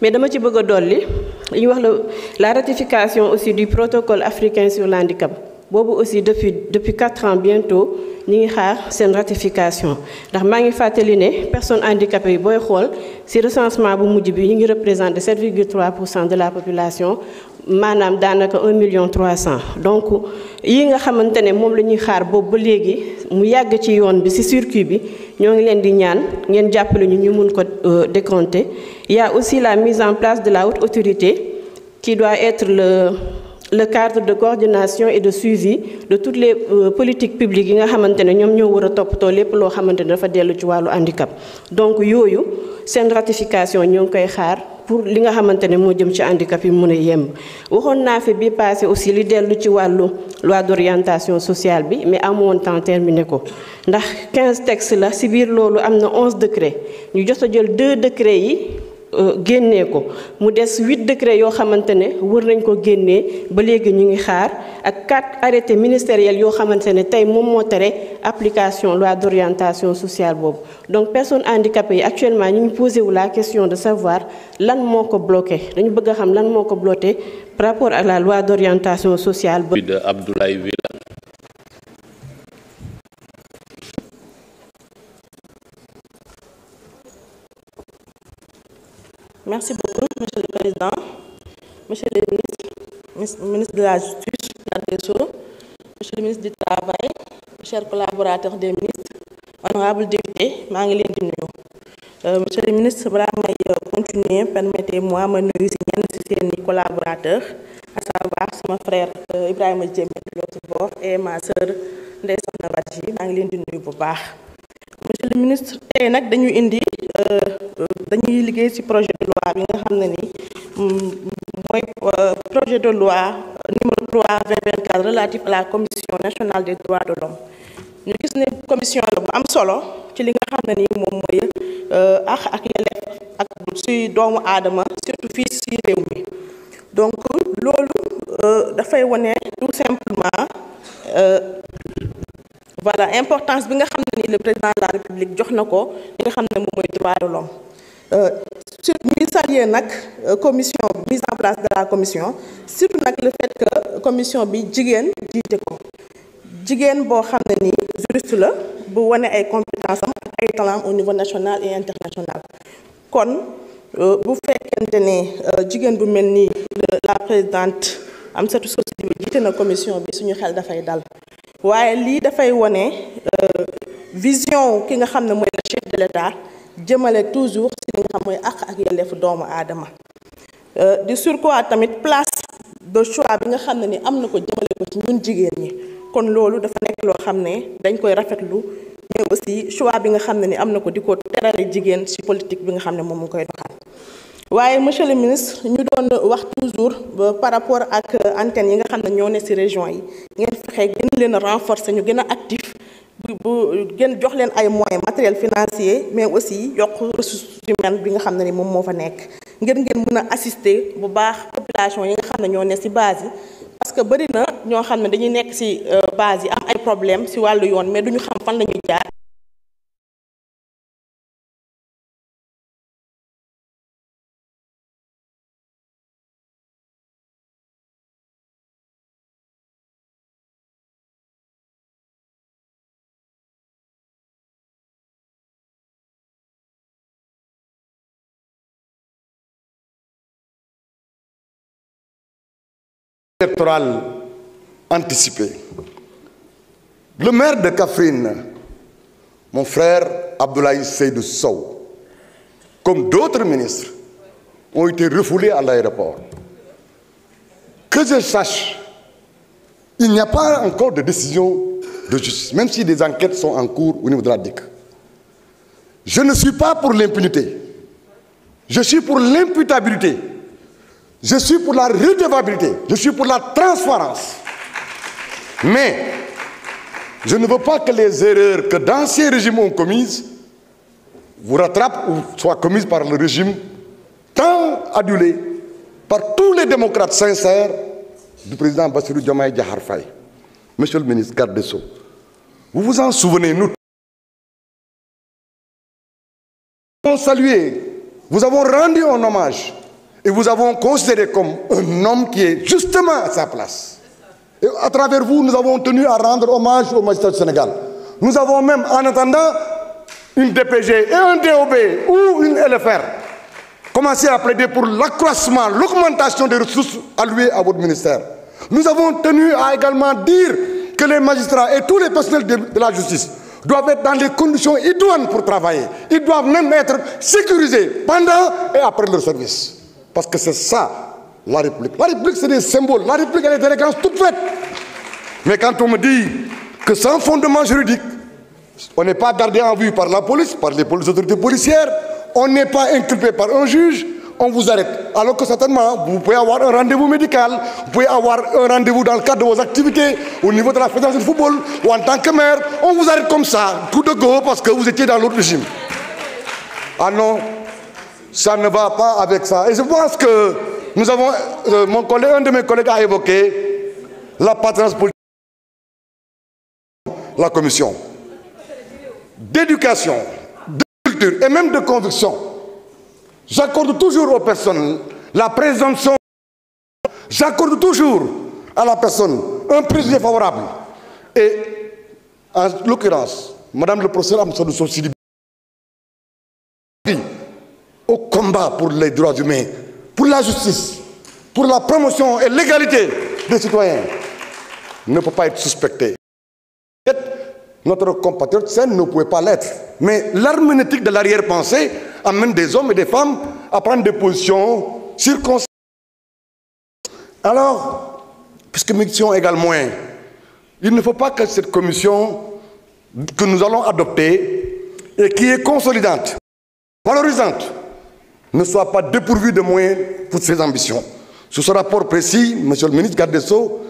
mais dama ci bëgg a dolli li ñu wax la la ratification aussi du protocole africain sur le handicap boobu aussi depuis depuis quatre ans bientôt ñi ngi xaar seen ratification ndax maa ngi fàttali ne personne handicapées yi booy xool ci recensement bu mujj bi ñu ngi représenté 7,3 pour cent de la population maanaam daanaka 1 million 300 donc yi nga xamante ne moom la ñuy xaar boobu ba léegi mu yàgg ci yoon bi ci circuit bi ñoo ngi leen di ñaan ngeen jàppale ñu ñu mun ko euh, décompter. Il aussi la mise en place de la haute autorité qui doit être le le cadre de coordination et de suivi de toutes les euh, politiques publiques yi nga xamante ne ñoom ñoo war a toppatoo lépp loo xamante ne dafa dellu ci wàllu handicap donc yooyu seen ratification ñoo ngi koy xaar. pour li nga xamante ne moo jëm ci handicap yi mun a yemb waxoon naa fi bi passé aussi li dellu ci wàllu loi d'orientation sociale bi mais amoon temps terminé ko ndax 15 textes la si biir loolu am na onze décrets ñu jot a jël deux décrets yi. Euh, génnee ko mu des huit décrets yoo xamante ne wër nañ ko génnee ba léegi ñu ngi xaar ak quatre arrêtés ministériels yoo xamante ne tey moom moo tere application loi d'orientation sociale boobu donc personnes handicapées yi actuellement ñu ngi posé wu la question de savoir lan moo ko bloqué dañu bëgg a xam lan moo ko bloqué par rapport à la loi d'orientation sociale. de Abdoulaye merci beaucoup monsieur le président monsieur le ministre ministre de la justice garde des Sceaux monsieur le ministre du travail chers collaborateurs des ministres honorables députés maa ngi leen di nuyu euh, monsieur le ministre balaa may euh, continuer permettez-moi ma nuyu si ñenn si seeni collaborateurs à savoir sama frère euh, Ibrahima Diémé de l'autre bord et ma sœur Ndeye Soxna Badji maa ngi leen di nuyu bu baax monsieur le ministre tey nag dañu indi dañuy liggéey ci projet de loi bi nga xam na ni mm, mooy euh, projet de loi numéro 3 2024 relatif à la commission nationale des droits de l'homme ñu gis ne commission la bu am solo ci li nga xam ne ni moom mooy àq euh, ak yelleef ak ci doomu aadama surtout fii ci réew mi donc loolu euh, dafay wone tout simplement voilà importance bi nga xam ne ni le président de la république jox na ko li nga xam ne moom mooy droit de l'homme Euh, sur muy saluer nag euh, commission mise en place de commission surtout nag le fait que commission bi jigéen diite ko jigéen boo xam ne nii juriste la bu wane ay compétence am ak ay au niveau national international kon euh, bu fekkente jigéen bu mel nii la présidente Amsatou Sow na commission bi suñu xel dafay dal waaye lii dafay wane vision ki nga xam ne mooy le chef de toujours li nga xam mooy àq ak yelleefu doomu aadama euh, di surcroît tamit place de choix bi nga xam ne ni am na ko jëmale ko ci ñun jigéen ñi kon loolu dafa nekk loo xam ne dañ koy rafetlu mais aussi choix bi nga xam ne ni am na ko di ko terale jigéen ci politique bi nga xam ne moom mu koy doxal waaye monsieur le ministre ñu doon wax toujours euh, par rapport ak antenne yi nga xam ne ñoo ne ci région yi ngeen fexe gën leen a renforcer ñu gën a actif bu gën jox leen ay moyens matériel financier mais aussi yokk humaine bi nga xam ne ni moom moo fa nekk ngir ngeen mën a assister bu baax population yi nga xam ne ñoo ne ci base yi parce que bëri na ñoo xam ne dañuy nekk ci euh, base yi am ay problème ci wàllu yoon mais duñu xam fan la ñuy jaar électorale anticipée. Le maire de Kaffrine, mon frère Abdoulaye Seydou Sow, comme d'autres ministres, ont été refoulés à l'aéroport. Que je sache, il n'y a pas encore de décision de justice, même si des enquêtes sont en cours au niveau de la DIC. Je ne suis pas pour l'impunité. Je suis pour l'imputabilité. je suis pour la redevabilité je suis pour la transparence mais je ne veux pas que les erreurs que d'anciens régimes ont commises vous rattrapent ou soient commises par le régime tant adulé par tous les démocrates sincères du président Bassirou Diomaye Diakhar Faye monsieur le ministre garde des Sceaux vous vous en souvenez nous avons salué avons rendu un hommage vous avons considéré comme un homme qui est justement à sa place. Et à travers vous, nous avons tenu à rendre hommage au magistrat du Nous avons même, en attendant, une DPG et un DOB ou une LFR, commencé à plaider pour l'accroissement, l'augmentation des ressources allouées à votre ministère. Nous avons tenu à également dire que les magistrats et tous les personnels de, de la justice doivent être dans des conditions idoines pour travailler. Ils Parce que c'est ça, la République. La République, c'est des symboles. La République, elle est d'élégance toute faite. Mais quand on me dit que sans fondement juridique, on n'est pas gardé en vue par la police, par les autorités policières, on n'est pas inculpé par un juge, on vous arrête. Alors que certainement, vous pouvez avoir un rendez-vous médical, vous pouvez avoir un rendez-vous dans le cadre de vos activités, au niveau de la Fédération de football, ça ne va pas avec ça. Et je pense que nous avons, euh, mon collègue, un de mes collègues a évoqué la patronage politique la commission d'éducation, de culture et même de conviction. J'accorde toujours aux personnes la présomption. J'accorde toujours à la personne un préjugé favorable. Et en l'occurrence, Madame le professeur Amsadou Sosidi, combat pour les droits humains, pour la justice, pour la promotion et l'égalité des citoyens ne peut pas être suspecté. Notre compatriote saine ne pouvait pas l'être. Mais l'herméneutique de l'arrière-pensée amène des hommes et des femmes à prendre des positions circonstances. Alors, puisque mission égale moins, que cette commission que nous allons adopter et qui est consolidante, valorisante, ne soit pas dépourvu de moyens pour ses ambitions. Sous ce rapport précis, Monsieur le ministre Garde des Sceaux,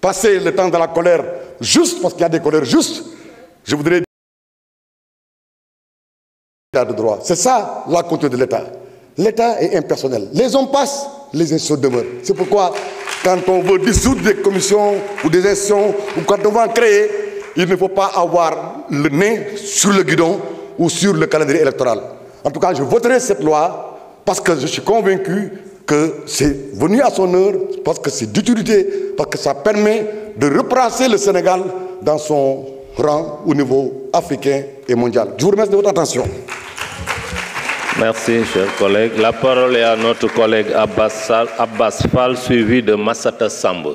passez le temps de la colère juste, parce qu'il y a des colères justes, je voudrais de droit. C'est ça la conduite de l'État. L'État est impersonnel. Les hommes passent, les institutions demeurent. C'est pourquoi quand on veut dissoudre des commissions ou des institutions, ou quand on créer, il ne faut pas avoir le nez sur le guidon ou sur le calendrier électoral. En tout cas, je parce que je suis convaincu que c'est venu à son heure, parce que c'est d'utilité, parce que ça permet de replacer le Sénégal dans son rang au niveau africain et mondial. Je vous remercie de votre attention. Merci, chers La parole est à notre collègue Abbas, Abbas Fall, suivi de Massata Sambo.